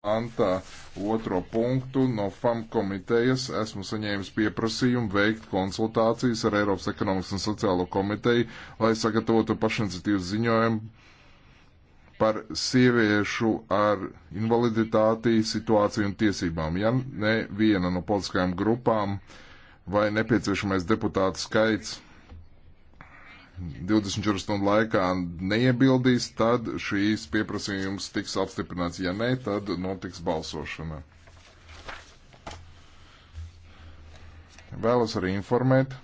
Antā otro punktu no FAM komitejas esmu saņēmis pieprasījumu veikt konsultācijas ar Eiropas ekonomikas un sociālo komiteju, lai sagatavotu pašiniciatīvu ziņojumu par sieviešu ar invaliditāti situāciju un tiesībām. Ja neviena no politiskajām grupām vai nepieciešamais deputātu skaits 24 stundu laikā neiebildīs, tad šīs pieprasījums tiks apstiprināts. Ja nē, tad notiks balsošana. Vēlos arī informēt,